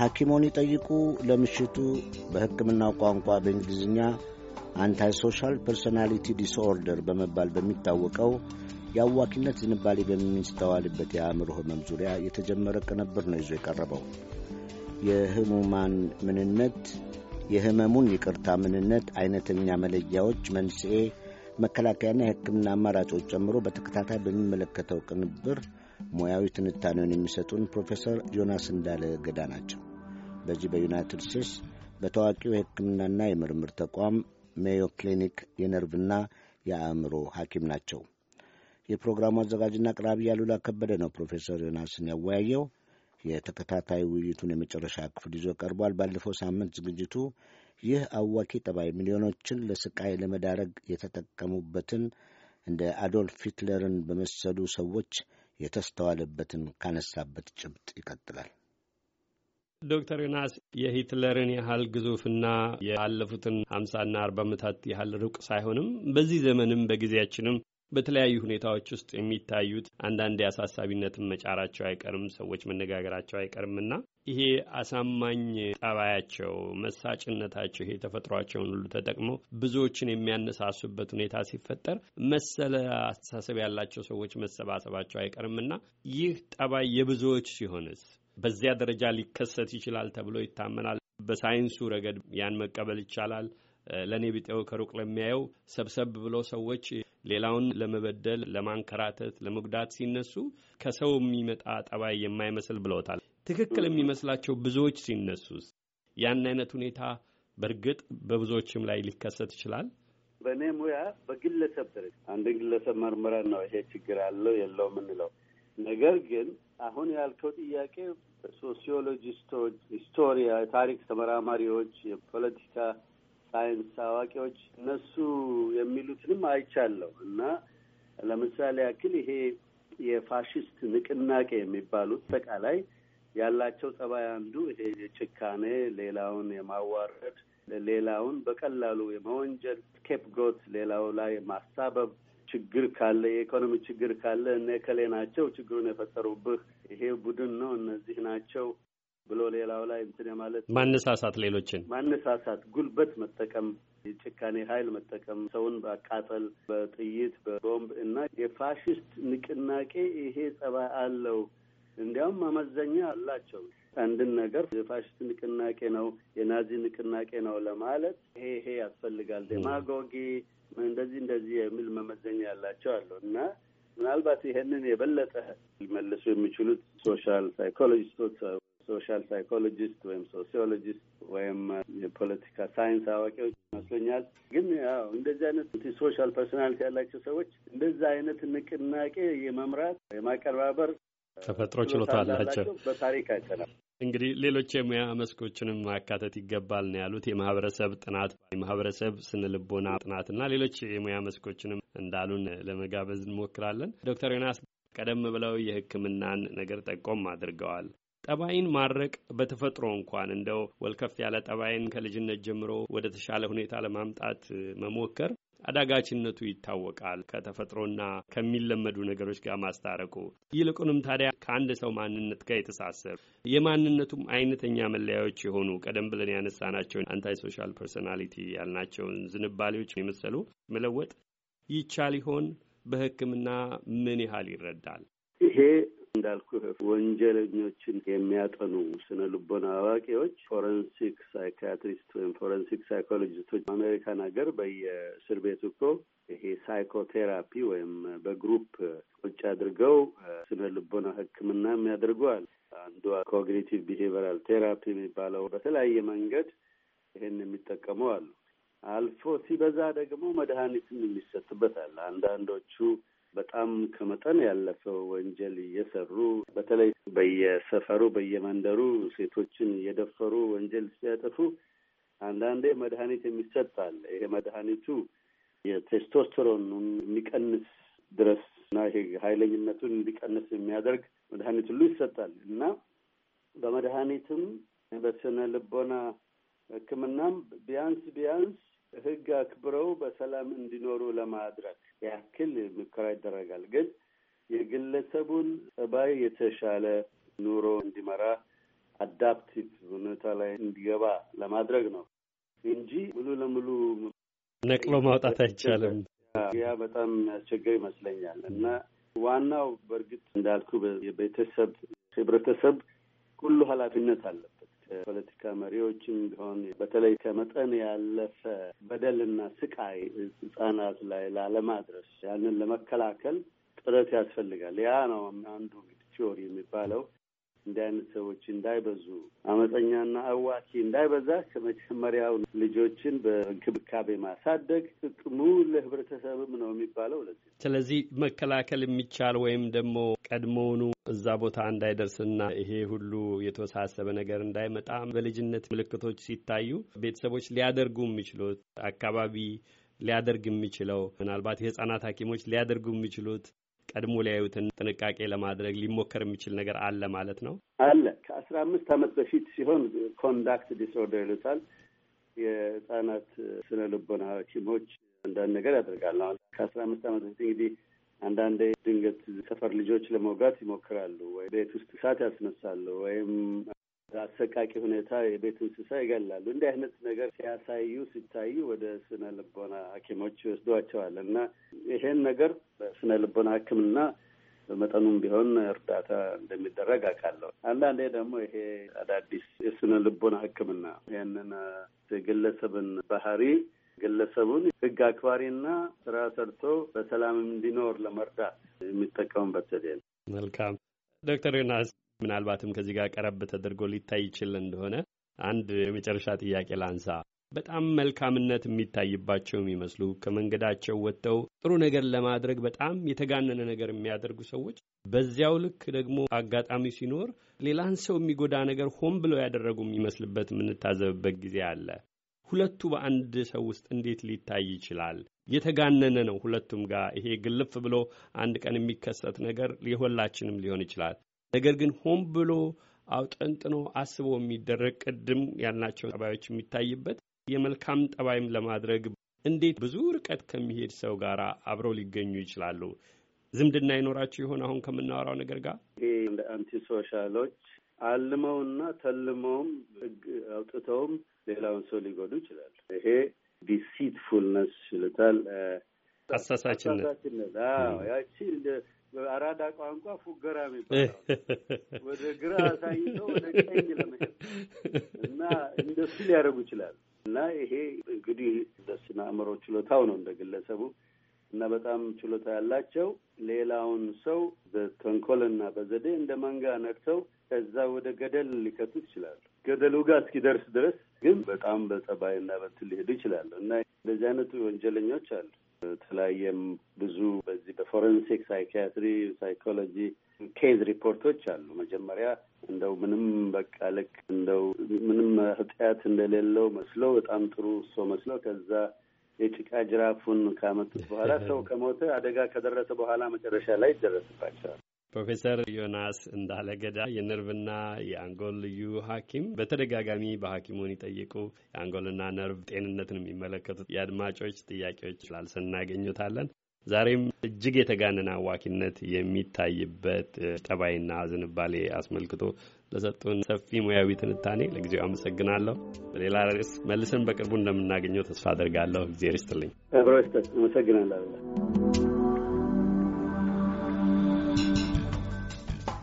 ሐኪሞን ይጠይቁ ለምሽቱ በሕክምናው ቋንቋ በእንግሊዝኛ አንታይሶሻል ፐርሶናሊቲ ዲስኦርደር በመባል በሚታወቀው የአዋኪነት ዝንባሌ በሚስተዋልበት የአእምሮ ህመም ዙሪያ የተጀመረ ቅንብር ነው ይዞ የቀረበው የህሙማን ምንነት የህመሙን ይቅርታ ምንነት፣ አይነተኛ መለያዎች፣ መንስኤ፣ መከላከያና የሕክምና አማራጮች ጨምሮ በተከታታይ በሚመለከተው ቅንብር ሙያዊ ትንታኔውን የሚሰጡን ፕሮፌሰር ዮናስ እንዳለ ገዳ ናቸው። በዚህ በዩናይትድ ስቴትስ በታዋቂው የሕክምናና የምርምር ተቋም ሜዮ ክሊኒክ የነርቭና የአእምሮ ሐኪም ናቸው። የፕሮግራሙ አዘጋጅና አቅራቢ ያሉላ ከበደ ነው ፕሮፌሰር ዮናስን ያወያየው። የተከታታይ ውይይቱን የመጨረሻ ክፍል ይዞ ቀርቧል። ባለፈው ሳምንት ዝግጅቱ ይህ አዋኪ ጠባይ ሚሊዮኖችን ለስቃይ ለመዳረግ የተጠቀሙበትን እንደ አዶልፍ ሂትለርን በመሰሉ ሰዎች የተስተዋለበትን ካነሳበት ጭብጥ ይቀጥላል። ዶክተር ዮናስ የሂትለርን ያህል ግዙፍና ያለፉትን ሀምሳና አርባ ዓመታት ያህል ሩቅ ሳይሆንም በዚህ ዘመንም በጊዜያችንም በተለያዩ ሁኔታዎች ውስጥ የሚታዩት አንዳንድ የአሳሳቢነትን መጫራቸው አይቀርም፣ ሰዎች መነጋገራቸው አይቀርምና ይሄ አሳማኝ ጠባያቸው፣ መሳጭነታቸው፣ ይሄ ተፈጥሯቸውን ሁሉ ተጠቅመው ብዙዎችን የሚያነሳሱበት ሁኔታ ሲፈጠር መሰለ አስተሳሰብ ያላቸው ሰዎች መሰባሰባቸው አይቀርምና ይህ ጠባይ የብዙዎች ሲሆንስ በዚያ ደረጃ ሊከሰት ይችላል ተብሎ ይታመናል። በሳይንሱ ረገድ ያን መቀበል ይቻላል። ለእኔ ቢጤው ከሩቅ ለሚያየው ሰብሰብ ብሎ ሰዎች ሌላውን ለመበደል፣ ለማንከራተት፣ ለመጉዳት ሲነሱ ከሰው የሚመጣ ጠባይ የማይመስል ብለውታል። ትክክል የሚመስላቸው ብዙዎች ሲነሱ ያን አይነት ሁኔታ በእርግጥ በብዙዎችም ላይ ሊከሰት ይችላል። በእኔ ሙያ በግለሰብ ደረጃ አንድ ግለሰብ መርምረን ነው ይሄ ችግር አለው የለው የምንለው። ነገር ግን አሁን ያልከው ጥያቄ ሶሲዮሎጂስቶች፣ ሂስቶሪያ፣ የታሪክ ተመራማሪዎች፣ የፖለቲካ ሳይንስ አዋቂዎች እነሱ የሚሉትንም አይቻለሁ እና ለምሳሌ ያክል ይሄ የፋሽስት ንቅናቄ የሚባሉት አጠቃላይ ያላቸው ጸባይ አንዱ ይሄ የጭካኔ ሌላውን የማዋረድ ሌላውን በቀላሉ የመወንጀል ስኬፕ ሌላው ላይ ማሳበብ ችግር ካለ የኢኮኖሚ ችግር ካለ እነ እከሌ ናቸው ችግሩን የፈጠሩብህ ይሄ ቡድን ነው እነዚህ ናቸው ብሎ ሌላው ላይ እንትን ማለት ማነሳሳት ሌሎችን ማነሳሳት ጉልበት መጠቀም የጭካኔ ኃይል መጠቀም፣ ሰውን በአቃጠል፣ በጥይት፣ በቦምብ እና የፋሽስት ንቅናቄ ይሄ ጸባይ አለው። እንዲያውም መመዘኛ አላቸው። አንድን ነገር የፋሽስት ንቅናቄ ነው፣ የናዚ ንቅናቄ ነው ለማለት ይሄ ይሄ ያስፈልጋል። ዴማጎጊ እንደዚህ እንደዚህ የሚል መመዘኛ ያላቸው አለው እና ምናልባት ይሄንን የበለጠ ሊመልሱ የሚችሉት ሶሻል ሳይኮሎጂስቶች ሶሻል ሳይኮሎጂስት ወይም ሶሲዮሎጂስት ወይም uh, የፖለቲካ ሳይንስ አዋቂዎች ይመስለኛል። ግን ያው እንደዚህ አይነት ሶሻል ፐርሶናሊቲ ያላቸው ሰዎች እንደዚ አይነት ንቅናቄ የመምራት የማቀነባበር uh, ተፈጥሮ ችሎታ አላቸው። በታሪክ አይተናል። እንግዲህ ሌሎች የሙያ መስኮችንም ማካተት ይገባል ነው ያሉት። የማህበረሰብ ጥናት፣ የማህበረሰብ ስነልቦና ጥናትና ሌሎች የሙያ መስኮችንም እንዳሉን ለመጋበዝ እንሞክራለን። ዶክተር ዮናስ ቀደም ብለው የሕክምናን ነገር ጠቆም አድርገዋል። ጠባይን ማድረቅ በተፈጥሮ እንኳን እንደው ወልከፍ ያለ ጠባይን ከልጅነት ጀምሮ ወደ ተሻለ ሁኔታ ለማምጣት መሞከር አዳጋችነቱ ይታወቃል። ከተፈጥሮና ከሚለመዱ ነገሮች ጋር ማስታረቁ ይልቁንም ታዲያ ከአንድ ሰው ማንነት ጋር የተሳሰሩ የማንነቱም አይነተኛ መለያዎች የሆኑ ቀደም ብለን ያነሳናቸውን አንታይ ሶሻል ፐርሶናሊቲ ያልናቸውን ዝንባሌዎች የመሰሉ መለወጥ ይቻል ይሆን? በሕክምና ምን ያህል ይረዳል? ይሄ እንዳልኩ ወንጀለኞችን የሚያጠኑ ስነ ልቦና አዋቂዎች ፎረንሲክ ሳይካትሪስት ወይም ፎረንሲክ ሳይኮሎጂስቶች አሜሪካን ሀገር በየእስር ቤቱ እኮ ይሄ ሳይኮቴራፒ ወይም በግሩፕ ቁጭ አድርገው ስነ ልቦና ሕክምና የሚያደርገዋል። አንዱ ኮግኒቲቭ ቢሄቨራል ቴራፒ የሚባለው በተለያየ መንገድ ይሄን የሚጠቀመው አሉ። አልፎ ሲበዛ ደግሞ መድኃኒትም የሚሰጥበት አለ። አንዳንዶቹ በጣም ከመጠን ያለፈው ወንጀል እየሰሩ በተለይ በየሰፈሩ በየመንደሩ ሴቶችን እየደፈሩ ወንጀል ሲያጠፉ አንዳንዴ መድኃኒት የሚሰጥ አለ። ይሄ መድኃኒቱ የቴስቶስትሮኑን የሚቀንስ ድረስ እና ይሄ ኃይለኝነቱን እንዲቀንስ የሚያደርግ መድኃኒት ሁሉ ይሰጣል እና በመድኃኒትም በስነ ልቦና ሕክምናም ቢያንስ ቢያንስ ህግ አክብረው በሰላም እንዲኖሩ ለማድረግ ያክል ሙከራ ይደረጋል። ግን የግለሰቡን ጸባይ የተሻለ ኑሮ እንዲመራ አዳፕቲቭ ሁኔታ ላይ እንዲገባ ለማድረግ ነው እንጂ ሙሉ ለሙሉ ነቅሎ ማውጣት አይቻልም። ያ በጣም ያስቸገር ይመስለኛል። እና ዋናው በእርግጥ እንዳልኩ የቤተሰብ ህብረተሰብ ሁሉ ኃላፊነት አለበት። ፖለቲካ መሪዎችም ቢሆን በተለይ ከመጠን ያለፈ በደልና ስቃይ ህጻናት ላይ ላለማድረስ ያንን ለመከላከል ጥረት ያስፈልጋል። ያ ነው አንዱ ቲዮሪ የሚባለው እንዲህ አይነት ሰዎች እንዳይበዙ አመፀኛና አዋኪ እንዳይበዛ ከመጀመሪያው ልጆችን በእንክብካቤ ማሳደግ ጥቅሙ ለህብረተሰብም ነው የሚባለው። ለዚህ ስለዚህ መከላከል የሚቻል ወይም ደግሞ ቀድሞውኑ እዛ ቦታ እንዳይደርስና ይሄ ሁሉ የተወሳሰበ ነገር እንዳይመጣ በልጅነት ምልክቶች ሲታዩ ቤተሰቦች ሊያደርጉ የሚችሉት አካባቢ ሊያደርግ የሚችለው ምናልባት የህጻናት ሐኪሞች ሊያደርጉ የሚችሉት ቀድሞ ሊያዩትን ጥንቃቄ ለማድረግ ሊሞከር የሚችል ነገር አለ ማለት ነው። አለ ከአስራ አምስት አመት በፊት ሲሆን ኮንዳክት ዲስኦርደር ይሉታል። የህጻናት ስነ ልቦና ሐኪሞች አንዳንድ ነገር ያደርጋሉ። ከአስራ አምስት አመት በፊት እንግዲህ አንዳንድ ድንገት ሰፈር ልጆች ለመውጋት ይሞክራሉ፣ ወይ ቤት ውስጥ እሳት ያስነሳሉ፣ ወይም አሰቃቂ ሁኔታ የቤት እንስሳ ይገላሉ። እንዲህ አይነት ነገር ሲያሳዩ ሲታዩ ወደ ስነ ልቦና ሐኪሞች ይወስዷቸዋል እና ይሄን ነገር በስነ ልቦና ሕክምና በመጠኑም ቢሆን እርዳታ እንደሚደረግ አውቃለሁ። አንዳንዴ ደግሞ ይሄ አዳዲስ የስነ ልቦና ሕክምና ያንን ግለሰብን ባህሪ ግለሰቡን ህግ አክባሪና ስራ ሰርቶ በሰላም እንዲኖር ለመርዳት የሚጠቀሙበት ዘዴ ነው። መልካም ዶክተር ዮናስ ምናልባትም ከዚህ ጋር ቀረብ ተደርጎ ሊታይ ይችል እንደሆነ አንድ የመጨረሻ ጥያቄ ላንሳ። በጣም መልካምነት የሚታይባቸው የሚመስሉ ከመንገዳቸው ወጥተው ጥሩ ነገር ለማድረግ በጣም የተጋነነ ነገር የሚያደርጉ ሰዎች በዚያው ልክ ደግሞ አጋጣሚ ሲኖር ሌላን ሰው የሚጎዳ ነገር ሆን ብለው ያደረጉ የሚመስልበት የምንታዘብበት ጊዜ አለ። ሁለቱ በአንድ ሰው ውስጥ እንዴት ሊታይ ይችላል? የተጋነነ ነው ሁለቱም ጋር ይሄ ግልፍ ብሎ አንድ ቀን የሚከሰት ነገር የሁላችንም ሊሆን ይችላል። ነገር ግን ሆን ብሎ አውጠንጥኖ አስቦ የሚደረግ ቅድም ያልናቸው ጠባዮች የሚታይበት የመልካም ጠባይም ለማድረግ እንዴት ብዙ ርቀት ከሚሄድ ሰው ጋር አብረው ሊገኙ ይችላሉ? ዝምድና ይኖራቸው ይሆን? አሁን ከምናወራው ነገር ጋር እንደ አንቲሶሻሎች አልመውና ተልመውም አውጥተውም ሌላውን ሰው ሊጎዱ ይችላሉ። ይሄ ዲሲትፉልነስ ይሉታል፣ አሳሳችነት። ያቺ በአራዳ ቋንቋ ፉገራ የሚባለው ወደ ግራ አሳይተው ወደ ቀኝ ለመሄድ እና እንደሱ ሊያደርጉ ይችላል። እና ይሄ እንግዲህ በስነ አእምሮ ችሎታው ነው እንደ ግለሰቡ እና በጣም ችሎታ ያላቸው ሌላውን ሰው በተንኮልና በዘዴ እንደ መንጋ ነድተው ከዛ ወደ ገደል ሊከቱ ይችላሉ። ገደሉ ጋር እስኪደርስ ድረስ ግን በጣም በጸባይና በትል ሊሄዱ ይችላሉ እና እንደዚህ አይነቱ ወንጀለኞች አሉ። የተለያየም ብዙ በዚህ በፎረንሲክ ሳይኪያትሪ፣ ሳይኮሎጂ ኬዝ ሪፖርቶች አሉ። መጀመሪያ እንደው ምንም በቃ ልክ እንደው ምንም ኃጢአት እንደሌለው መስሎ በጣም ጥሩ ሰው መስሎ ከዛ የጭቃ ጅራፉን ካመጡት በኋላ ሰው ከሞተ አደጋ ከደረሰ በኋላ መጨረሻ ላይ ይደረስባቸዋል። ፕሮፌሰር ዮናስ እንዳለ ገዳ የነርቭና የአንጎል ልዩ ሐኪም በተደጋጋሚ በሐኪሙን ይጠይቁ የአንጎልና ነርቭ ጤንነትን የሚመለከቱ የአድማጮች ጥያቄዎች ላልሰን እናገኙታለን። ዛሬም እጅግ የተጋነነ አዋኪነት የሚታይበት ጠባይና ዝንባሌ አስመልክቶ ለሰጡን ሰፊ ሙያዊ ትንታኔ ለጊዜው አመሰግናለሁ። በሌላ ርዕስ መልስን በቅርቡ እንደምናገኘው ተስፋ አድርጋለሁ። እግዜር ይስጥልኝ። አብሮ ይስጥ። አመሰግናለሁ።